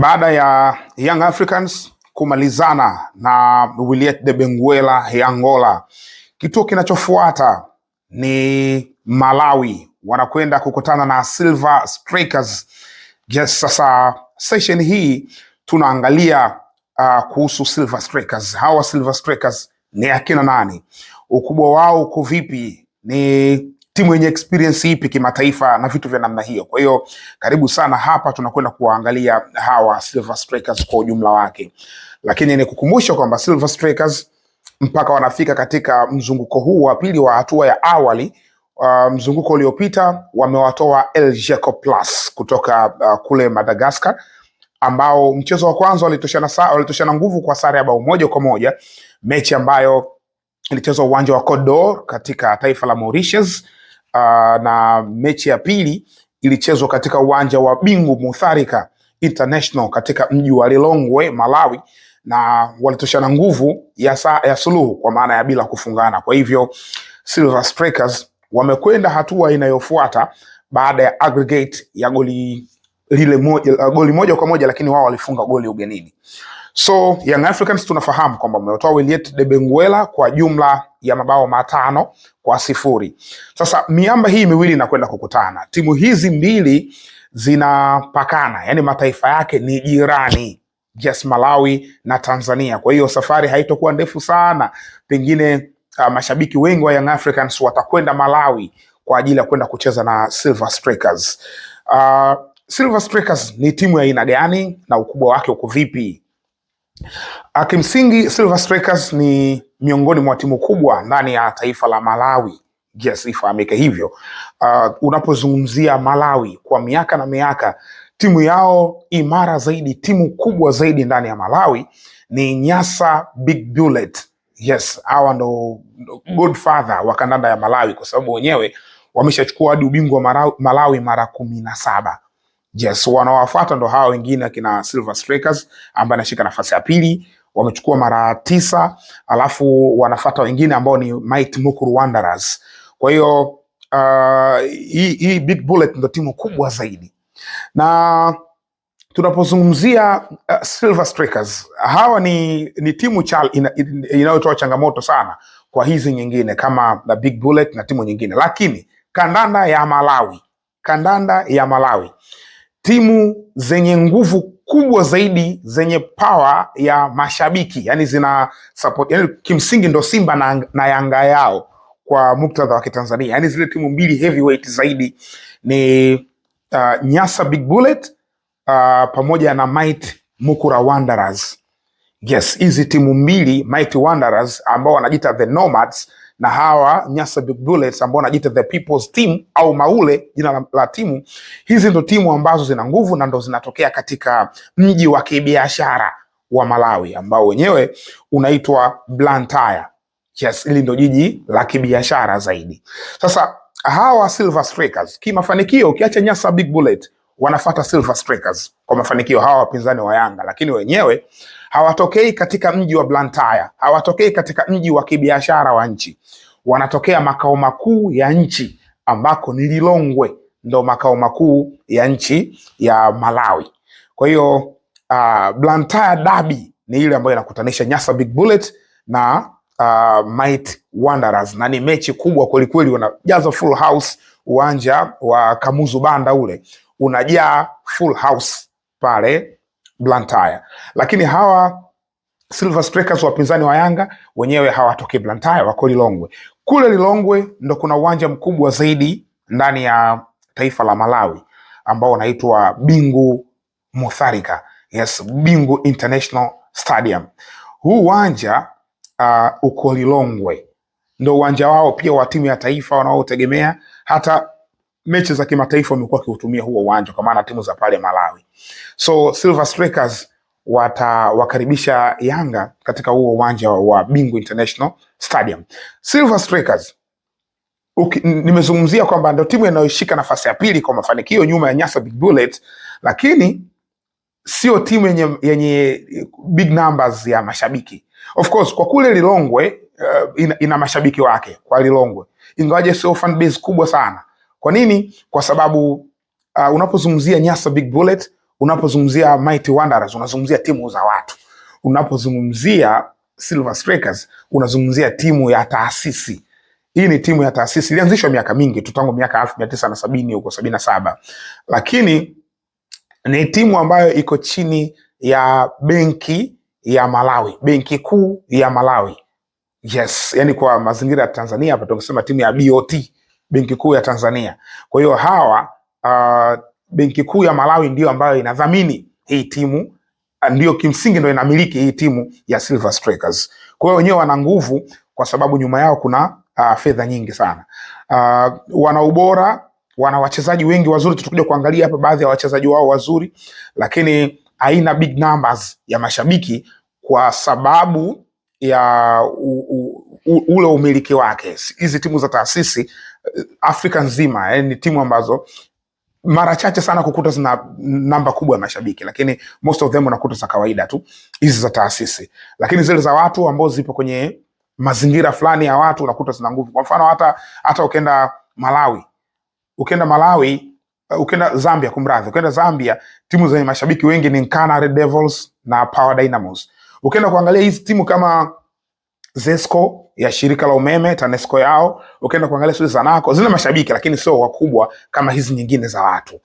baada ya Young Africans kumalizana na Wiliete de Benguela ya Angola, kituo kinachofuata ni Malawi, wanakwenda kukutana na Silver Strikers. Yes, sasa session hii tunaangalia uh, kuhusu Silver Strikers. Hawa Silver Strikers ni akina nani? Ukubwa wao uko vipi? Ni timu yenye experience ipi kimataifa na vitu vya namna hiyo. Kwa hiyo karibu sana hapa, tunakwenda kuwaangalia hawa Silver Strikers kwa ujumla wake, lakini nikukumbusha kwamba Silver Strikers mpaka wanafika katika mzunguko huu wa pili wa hatua ya awali uh, mzunguko uliopita wamewatoa El Jeco Plus kutoka uh, kule Madagascar ambao mchezo wa kwanza walitoshana walitoshana nguvu kwa sare ya bao moja kwa moja, mechi ambayo ilichezwa uwanja wa Kodor katika taifa la Mauritius uh, na mechi ya pili ilichezwa katika uwanja wa Bingu Mutharika International katika mji wa Lilongwe, Malawi na walitoshana nguvu ya, sa, ya suluhu kwa maana ya bila kufungana. Kwa hivyo Silver Strikers wamekwenda hatua inayofuata baada ya aggregate ya goli lile moja, goli moja kwa moja, lakini wao walifunga goli ugenini. So Young Africans tunafahamu kwamba mmetoa Wiliet de Benguela kwa jumla ya mabao matano kwa sifuri. Sasa miamba hii miwili inakwenda kukutana, timu hizi mbili zinapakana, yani mataifa yake ni jirani, yes, Malawi na Tanzania. Kwa hiyo safari haitokuwa ndefu sana, pengine uh, mashabiki wengi wa Young Africans watakwenda Malawi kwa ajili ya kwenda kucheza na Silver Strikers. Uh, Silver Strikers ni timu ya aina gani na ukubwa wake uko vipi? Kimsingi Silver Strikers ni miongoni mwa timu kubwa ndani ya taifa la Malawi. Yes, ifahamike hivyo. Uh, unapozungumzia Malawi kwa miaka na miaka, timu yao imara zaidi, timu kubwa zaidi ndani ya Malawi ni Nyasa Big Bullet. Yes, hawa ndo godfather wa kandanda ya Malawi kwa sababu wenyewe wameshachukua hadi ubingwa Malawi mara kumi na saba. Yes, wanawafuata ndo hawa wengine akina Silver Strikers ambaye anashika nafasi ya pili wamechukua mara tisa, alafu wanafata wengine ambao ni Mighty Mukuru Wanderers. Kwa hiyo uh, hii, hii Big Bullet ndo timu kubwa zaidi, na tunapozungumzia uh, Silver Strikers hawa ni, ni timu ina, inayotoa changamoto sana kwa hizi nyingine kama na Big Bullet na timu nyingine, lakini kandanda ya Malawi, kandanda ya Malawi timu zenye nguvu kubwa zaidi zenye pawa ya mashabiki yani zina support, yani kimsingi ndo Simba na, na Yanga yao kwa muktadha wa Kitanzania, yani zile timu mbili heavyweight zaidi ni uh, Nyasa Big Bullet uh, pamoja na Might Mukura Wanderers. Yes, hizi timu mbili Might Wanderers ambao wanajita the Nomads na hawa Nyasa Big Bullets ambao wanajiita the people's team au Maule jina la, la timu. Hizi ndo timu ambazo zina nguvu na ndo zinatokea katika mji wa kibiashara wa Malawi ambao wenyewe unaitwa Blantyre. Yes, hili ndo jiji la kibiashara zaidi. Sasa hawa Silver Strikers kimafanikio, ukiacha Nyasa Big Bullet, wanafata Silver Strikers kwa mafanikio hawa wapinzani wa Yanga, lakini wenyewe hawatokei katika mji wa Blantyre, hawatokei katika mji wa kibiashara wa nchi, wanatokea makao makuu ya nchi ambako ni Lilongwe, ndo makao makuu ya nchi ya Malawi. Kwa hiyo uh, Blantyre Derby ni ile ambayo inakutanisha Nyasa Big Bullet na uh, Mighty Wanderers na ni mechi kubwa kwelikweli, unajaza full house uwanja wa Kamuzu Banda ule unajaa full house pale Blantyre. Lakini hawa Silver Strikers wapinzani wa Yanga wenyewe hawatoke Blantyre, wako Lilongwe. Kule Lilongwe ndo kuna uwanja mkubwa zaidi ndani ya taifa la Malawi ambao unaitwa Bingu Mutharika. Yes, Bingu International Stadium. Huu uwanja uh, uko Lilongwe, ndo uwanja wao pia wa timu ya taifa wanaotegemea hata mechi za kimataifa wamekuwa wakiutumia huo uwanja kwa maana timu za pale Malawi. So Silver Strikers watawakaribisha Yanga katika huo uwanja wa Bingu International Stadium. Silver Strikers nimezungumzia kwamba ndio timu inayoshika nafasi ya pili kwa mafanikio nyuma ya Nyasa Big Bullet, lakini sio timu yenye, yenye big numbers ya mashabiki. Of course kwa kule Lilongwe uh, ina, ina mashabiki wake kwa Lilongwe, ingawaje sio fan base kubwa sana kwa nini? Kwa sababu uh, unapozungumzia Nyasa Big Bullet, unapozungumzia Mighty Wanderers, unazungumzia timu za watu. Unapozungumzia Silver Strikers, unazungumzia timu ya taasisi. Hii ni timu ya taasisi, ilianzishwa miaka mingi tu, tangu miaka elfu mia tisa na sabini huko sabini na saba, lakini ni timu ambayo iko chini ya benki ya Malawi, benki kuu ya Malawi. Yes, yani kwa mazingira ya Tanzania hapa tunasema timu ya BOT benki kuu ya Tanzania. Kwa hiyo hawa uh, benki kuu ya Malawi ndiyo ambayo inadhamini hii timu ah, ndiyo kimsingi ndio inamiliki hii timu ya Silver Strikers. Kwa hiyo wenyewe wana nguvu kwa sababu nyuma yao kuna uh, fedha nyingi sana. Uh, wana ubora, wana wachezaji wengi wazuri, tutakuja kuangalia hapa baadhi ya wachezaji wao wazuri, lakini haina big numbers ya mashabiki kwa sababu ya u, u, ule umiliki wake. Hizi timu za taasisi eh, Afrika nzima eh, ni timu ambazo mara chache sana kukuta zina namba kubwa ya mashabiki, lakini most of them unakuta za kawaida tu hizi za taasisi, lakini zile za watu ambao zipo kwenye mazingira fulani ya watu unakuta zina nguvu. Kwa mfano hata hata ukienda Malawi, ukienda Malawi, eh, ukienda Zambia, kumradhi, ukienda Zambia, timu zenye mashabiki wengi ni Nkana Red Devils na Power Dynamos. Ukienda kuangalia hizi timu kama ZESCO ya shirika la umeme TANESCO yao, ukienda kuangalia shughuli za NACO zina mashabiki, lakini sio wakubwa kama hizi nyingine za watu.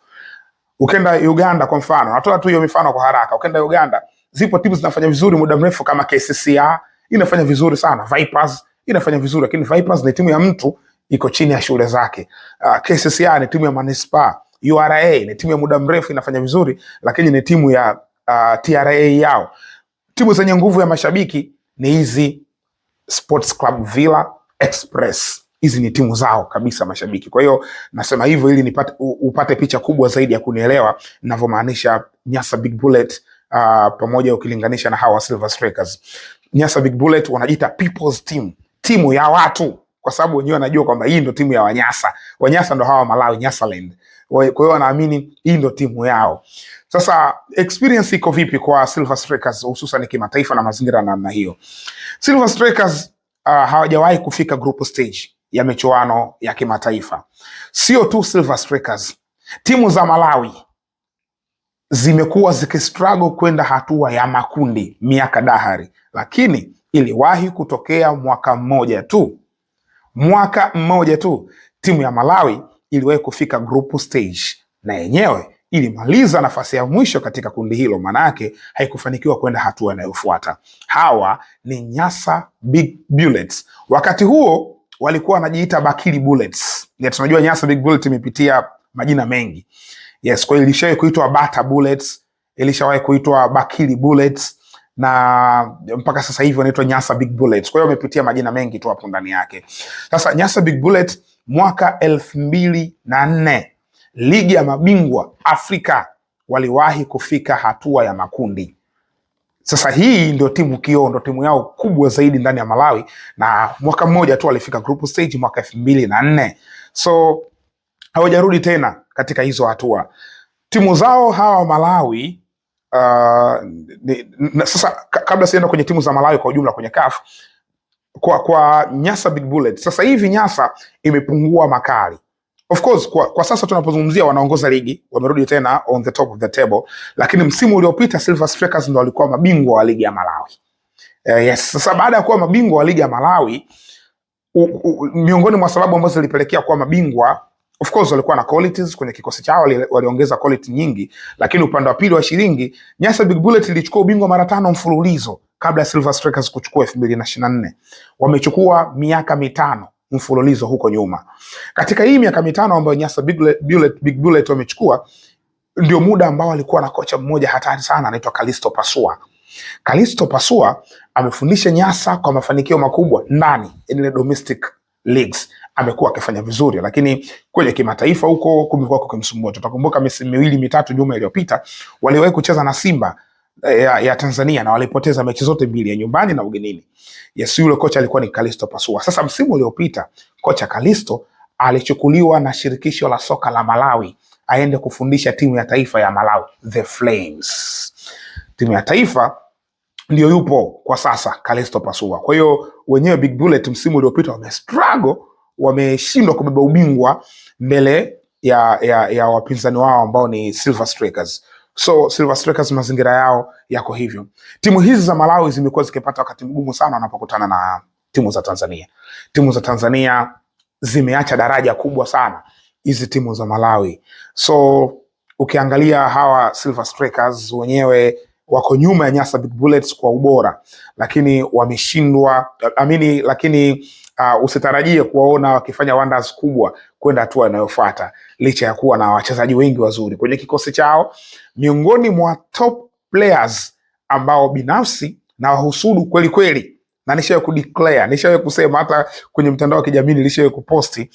Ukienda Uganda kwa mfano, natoa tu hiyo mifano kwa haraka. Ukienda Uganda zipo timu zinafanya vizuri muda mrefu kama KCCA inafanya vizuri sana, Vipers inafanya vizuri, lakini Vipers ni timu ya mtu, iko chini ya shule zake. Uh, ah, KCCA ni timu ya manispaa, URA ni timu ya muda mrefu inafanya vizuri, lakini ni timu ya uh, ah, TRA yao. Timu zenye nguvu ya mashabiki ni hizi Sports Club Villa Express. Hizi ni timu zao kabisa mashabiki. Kwa hiyo nasema hivyo ili nipate, upate picha kubwa zaidi ya kunielewa ninavyomaanisha Nyasa Big Bullet uh, pamoja ukilinganisha na hawa Silver Strikers. Nyasa Big Bullet wanajiita people's team, timu ya watu, kwa sababu wenyewe wanajua kwamba hii ndio timu ya Wanyasa. Wanyasa ndio hawa Malawi, Nyasaland. Kwa hiyo wanaamini hii ndio timu yao. Sasa experience iko vipi kwa Silver Strikers hususan kimataifa na mazingira na namna hiyo? Silver Strikers uh, hawajawahi kufika group stage ya michuano ya kimataifa. Sio tu Silver Strikers, timu za Malawi zimekuwa zikistruggle kwenda hatua ya makundi miaka dahari, lakini iliwahi kutokea mwaka mmoja tu, mwaka mmoja tu timu ya Malawi iliwahi kufika group stage na yenyewe ilimaliza nafasi ya mwisho katika kundi hilo, maanake haikufanikiwa kwenda hatua inayofuata. Hawa ni Nyasa Big Bullets. Wakati huo walikuwa wanajiita Bakili Bullets. Tunajua Nyasa Big Bullet imepitia majina mengi. Yes, kwa ilishawahi kuitwa Bata Bullets, ilishawahi kuitwa Bakili Bullets na mpaka sasa hivi wanaitwa Nyasa Big Bullets. Kwa hiyo wamepitia majina mengi tu hapo ndani yake. Sasa Nyasa Big Bullet mwaka elfu mbili na nne ligi ya mabingwa Afrika waliwahi kufika hatua ya makundi. Sasa hii ndio timu kioo, ndio timu yao kubwa zaidi ndani ya Malawi, na mwaka mmoja tu walifika group stage mwaka elfu mbili na nne so hawajarudi tena katika hizo hatua timu zao hawa Malawi. Uh, ni, na, sasa kabla sienda kwenye timu za Malawi kwa ujumla kwenye CAF kwa, kwa Nyasa Big Bullet, sasa hivi Nyasa imepungua makali Of course kwa, kwa sasa tunapozungumzia wanaongoza ligi, wamerudi tena on the top of the table, lakini msimu uliopita Silver Strikers ndo walikuwa mabingwa wa ligi ya Malawi. Uh, yes. Sasa baada ya kuwa mabingwa wa ligi ya Malawi u, u, miongoni mwa sababu ambazo zilipelekea kuwa mabingwa of course walikuwa na qualities kwenye kikosi chao, waliongeza quality nyingi, lakini upande wa pili wa shilingi Nyasa Big Bullet ilichukua ubingwa mara tano mfululizo kabla ya Silver Strikers kuchukua 2024. Wamechukua miaka mitano mfululizo huko nyuma. Katika hii miaka mitano ambayo Nyasa Big Bullet wamechukua, ndio muda ambao alikuwa na kocha mmoja hatari sana anaitwa Kalisto Pasua. Kalisto Pasua amefundisha Nyasa kwa mafanikio makubwa ndani ile domestic leagues amekuwa akifanya vizuri, lakini kwenye kimataifa huko kumekuwa kukimsumbua. Tutakumbuka misimu miwili mitatu nyuma iliyopita, waliwahi kucheza na Simba Eh, ya, ya Tanzania na walipoteza mechi zote mbili ya nyumbani na ugenini. Yes, yule kocha alikuwa ni Kalisto Pasua. Sasa msimu uliopita kocha Kalisto alichukuliwa na shirikisho la soka la Malawi aende kufundisha timu ya taifa ya Malawi, The Flames. Timu ya taifa ndio yupo kwa sasa Kalisto Pasua. Kwa hiyo wenyewe Big Bullet msimu uliopita wame struggle, wameshindwa kubeba ubingwa mbele ya, ya, ya wapinzani wao ambao ni Silver Strikers. So Silver Strikers mazingira yao yako hivyo. Timu hizi za Malawi zimekuwa zikipata wakati mgumu sana wanapokutana na timu za Tanzania. Timu za Tanzania zimeacha daraja kubwa sana hizi timu za Malawi. So ukiangalia hawa Silver Strikers wenyewe wako nyuma ya Nyasa Big Bullets kwa ubora, lakini wameshindwa amini, lakini uh, usitarajie kuwaona wakifanya wonders kubwa kwenda hatua inayofuata licha ya kuwa na wachezaji wengi wazuri kwenye kikosi chao. Miongoni mwa top players ambao binafsi na wahusudu kweli kweli, na nishawahi kudeclare, nishawe kusema hata kwenye mtandao wa kijamii nilishawahi kuposti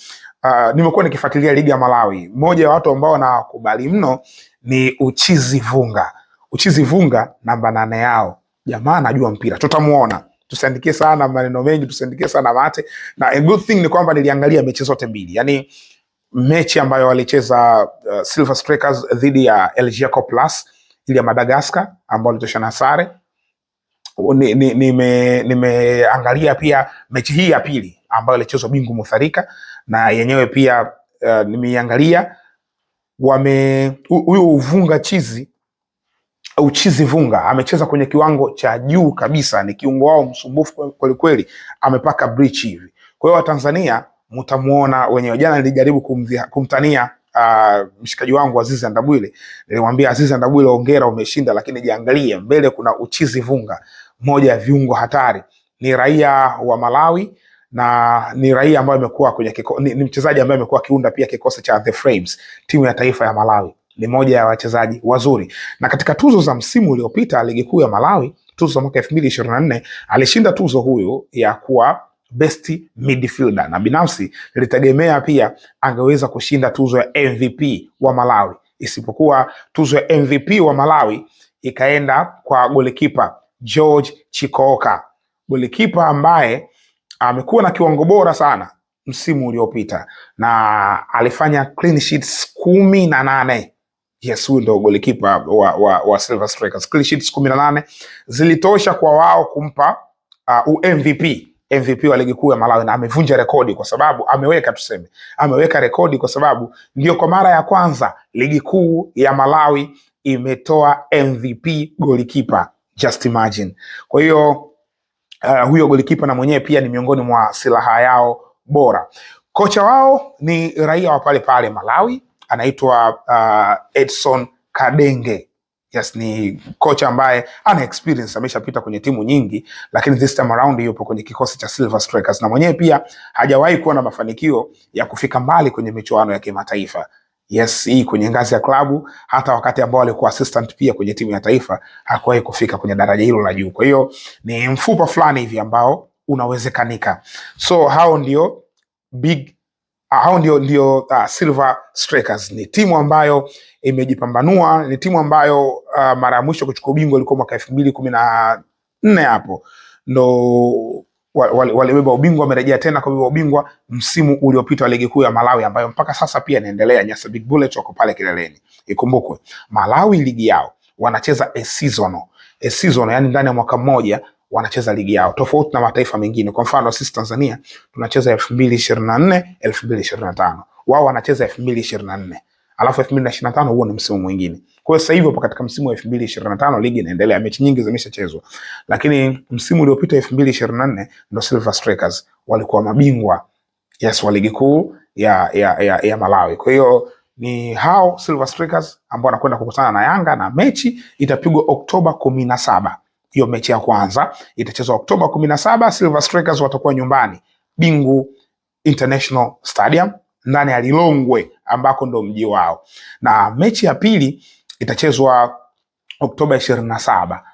uh, nimekuwa nikifuatilia ligi ya Malawi. Mmoja wa watu ambao nawakubali mno ni Uchizi Vunga. Uchizi Vunga namba nane yao, jamaa anajua mpira, tutamuona tusiandikie sana maneno mengi, tusiandikie sana mate, na a good thing ni kwamba niliangalia mechi zote mbili, yani mechi ambayo walicheza uh, Silver Strikers dhidi ya LG Plus ile ya Madagascar ambao walitoshana sare. Nimeangalia ni, ni pia mechi hii ya pili ambayo ilichezwa Bingu Mutharika na yenyewe pia uh, nimeiangalia wame huyu uvunga Chizi Uchizi Vunga amecheza kwenye kiwango cha juu kabisa, ni kiungo wao msumbufu kwelikweli, amepaka brichi hivi. Kwa hiyo Watanzania mtamuona wenyewe. Jana nilijaribu kumtania Uh, mshikaji wangu Azizi Andabwile nilimwambia Azizi Andabwile, ongera umeshinda, lakini jiangalie mbele, kuna Uchizi Vunga, moja ya viungo hatari, ni raia wa Malawi na ni raia ambaye amekuwa kwenye kiko, ni, ni mchezaji ambaye amekuwa akiunda pia kikosi cha The Frames, timu ya taifa ya Malawi. Ni moja ya wachezaji wazuri, na katika tuzo za msimu uliopita ligi kuu ya Malawi, tuzo za mwaka 2024 alishinda tuzo huyu ya kuwa best midfielder, na binafsi nilitegemea pia angeweza kushinda tuzo ya MVP wa Malawi, isipokuwa tuzo ya MVP wa Malawi ikaenda kwa golikipa George Chikooka, golikipa ambaye amekuwa na kiwango bora sana msimu uliopita na alifanya clean sheets kumi na nane. Yes, huyu ndo golikipa wa, wa, wa Silver Strikers. Clean sheets kumi na nane zilitosha kwa wao kumpa uh, MVP MVP wa ligi kuu ya Malawi na amevunja rekodi kwa sababu ameweka tuseme, ameweka rekodi kwa sababu ndio kwa mara ya kwanza ligi kuu ya Malawi imetoa MVP golikipa. Just imagine. Kwa hiyo uh, huyo golikipa na mwenyewe pia ni miongoni mwa silaha yao bora. Kocha wao ni raia wa pale pale Malawi, anaitwa uh, Edson Kadenge Yes, ni kocha ambaye ana experience, ameshapita kwenye timu nyingi, lakini this time around yupo kwenye kikosi cha Silver Strikers na mwenyewe pia hajawahi kuwa na mafanikio ya kufika mbali kwenye michuano ya kimataifa. Yes, hii kwenye ngazi ya klabu, hata wakati ambao alikuwa assistant pia kwenye timu ya taifa hakuwahi kufika kwenye daraja hilo la juu. Kwa hiyo ni mfupa fulani hivi ambao unawezekanika. So hao ndio big hao ndio ndio uh, Silver Strikers ni timu ambayo imejipambanua, ni timu ambayo uh, mara ya mwisho kuchukua ubingwa ilikuwa mwaka elfu mbili kumi na nne hapo ndo walibeba wale ubingwa, wamerejea tena kubeba ubingwa msimu uliopita wa ligi kuu ya Malawi ambayo mpaka sasa pia inaendelea. Nyasa Big Bullets wako pale kileleni. Ikumbukwe Malawi ligi yao wanacheza a seasonal, a seasonal, yani ndani ya mwaka mmoja wanacheza ligi yao tofauti na mataifa mengine. Kwa mfano sisi Tanzania tunacheza elfu mbili ishirini na nne elfu mbili ishirini na tano wao wanacheza elfu mbili ishirini na nne alafu elfu mbili na ishirini na tano huo ni msimu mwingine. Kwa hiyo sasa hivi hapo katika msimu wa 2025 ligi inaendelea, mechi nyingi zimeshachezwa, lakini msimu uliopita 2024 ndio Silver Strikers walikuwa mabingwa yes, wa ligi kuu ya, ya, ya, ya Malawi. Kwa hiyo ni hao Silver Strikers ambao wanakwenda kukutana na Yanga na mechi itapigwa Oktoba 17. Hiyo mechi ya kwanza itachezwa Oktoba 17, Silver Strikers watakuwa nyumbani Bingu International Stadium ndani ya Lilongwe ambako ndo mji wao, na mechi ya pili itachezwa Oktoba ishirini na saba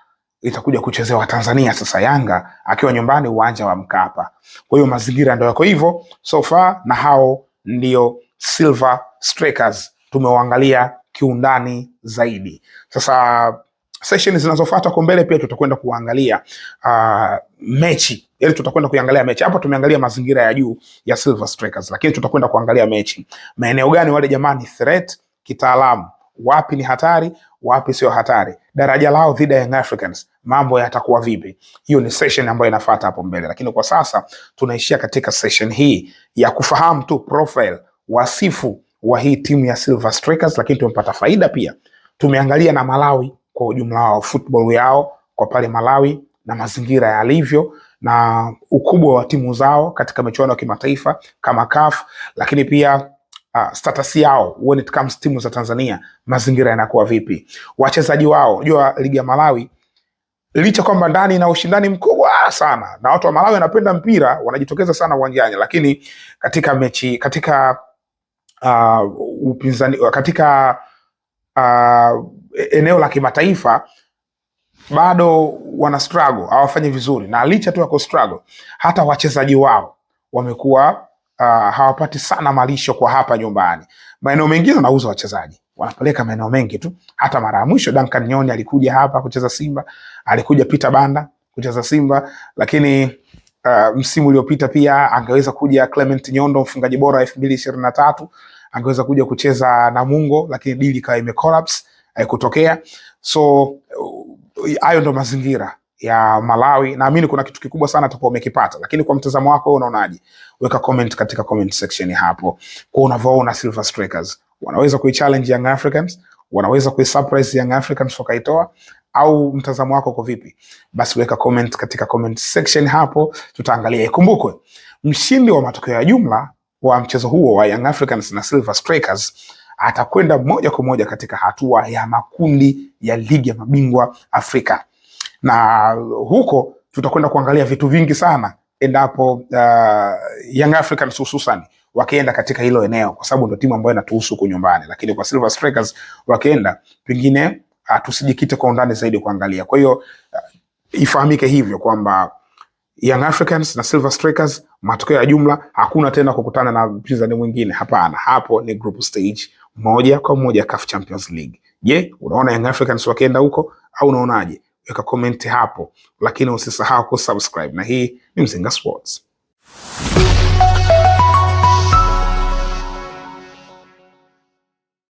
itakuja kuchezewa Tanzania sasa, Yanga akiwa nyumbani uwanja wa Mkapa. Kwa hiyo mazingira ndio yako hivyo so far, na hao ndio Silver Strikers tumewaangalia kiundani zaidi. Sasa session zinazofuata kwa mbele pia tutakwenda kuangalia uh, mechi yaani, tutakwenda kuangalia mechi. Hapa tumeangalia mazingira ya juu ya Silver Strikers, lakini tutakwenda kuangalia mechi maeneo gani wale jamani threat kitaalamu wapi ni hatari, wapi sio hatari, daraja lao dhidi ya Young Africans, mambo yatakuwa vipi? Hiyo ni session ambayo inafuata hapo mbele, lakini kwa sasa tunaishia katika session hii ya kufahamu tu profile, wasifu wa hii timu ya Silver Strikers, lakini tumepata faida pia. Tumeangalia na Malawi kwa ujumla wao, football yao kwa pale Malawi na mazingira yalivyo na ukubwa wa timu zao katika michuano ya kimataifa kama CAF, lakini pia uh, status yao when it comes timu za Tanzania mazingira yanakuwa vipi, wachezaji wao. Jua ligi ya Malawi licha kwamba ndani na ushindani mkubwa sana na watu wa Malawi wanapenda mpira, wanajitokeza sana uwanjani, lakini katika mechi katika uh, upinzani katika uh, eneo la kimataifa bado wana struggle, hawafanyi vizuri, na licha tu ya ku struggle hata wachezaji wao wamekuwa uh, hawapati sana malisho kwa hapa nyumbani. Maeneo mengine wanauza wachezaji, wanapeleka maeneo mengi tu. Hata mara ya mwisho Duncan Nyoni alikuja hapa kucheza Simba, alikuja Peter Banda kucheza Simba, lakini uh, msimu uliopita pia angeweza kuja Clement Nyondo, mfungaji bora elfu mbili ishirini na tatu angeweza kuja kucheza Namungo, lakini dili ikawa imecollapse haikutokea. So hayo ndo mazingira ya Malawi. Naamini kuna kitu kikubwa sana utakuwa umekipata, lakini kwa mtazamo wako wewe unaonaje? Weka comment katika comment section hapo, kwa unavyoona Silver Strikers wanaweza kuichallenge Young Africans, wanaweza kuisurprise Young Africans wakaitoa au mtazamo wako uko vipi? Basi weka comment katika comment section hapo, tutaangalia. Ikumbukwe, mshindi wa matokeo ya jumla wa mchezo huo wa Young Africans na Silver Strikers atakwenda moja kwa moja katika hatua ya makundi ya ligi ya mabingwa Afrika na huko tutakwenda kuangalia vitu vingi sana endapo uh, Young Africans hususan wakienda katika hilo eneo, kwa sababu ndio timu ambayo inatuhusu huku nyumbani, lakini kwa Silver Strikers wakienda pengine uh, tusijikite kwa undani zaidi kuangalia. Kwa hiyo uh, ifahamike hivyo kwamba Young Africans na Silver Strikers, matokeo ya jumla, hakuna tena kukutana na mpinzani mwingine. Hapana, hapo ni group stage moja kwa moja CAF Champions League. Je, unaona Young Africans wakienda huko au unaonaje? weka comment hapo, lakini usisahau kusubscribe, na hii ni Mzinga Sports.